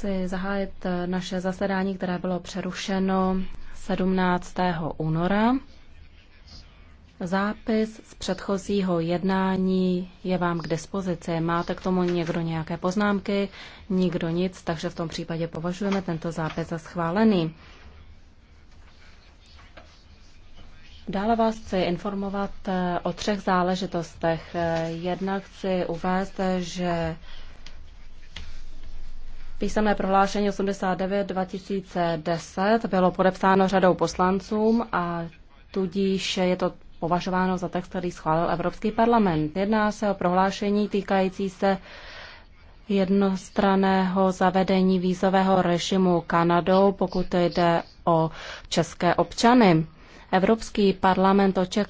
chci zahájit eh, naše zasedání, které bylo přerušeno 17. února. Zápis z předchozího jednání je vám k dispozici. Máte k tomu někdo nějaké poznámky? Nikdo nic, takže v tom případě považujeme tento zápis za schválený. Dále vás chci informovat eh, o třech záležitostech. Eh, Jednak chci uvést, že Písemné prohlášení 89-2010 bylo podepsáno řadou poslancům a tudíž je to považováno za text, který schválil Evropský parlament. Jedná se o prohlášení týkající se jednostraného zavedení vízového režimu Kanadou, pokud jde o české občany. Evropský parlament očekává,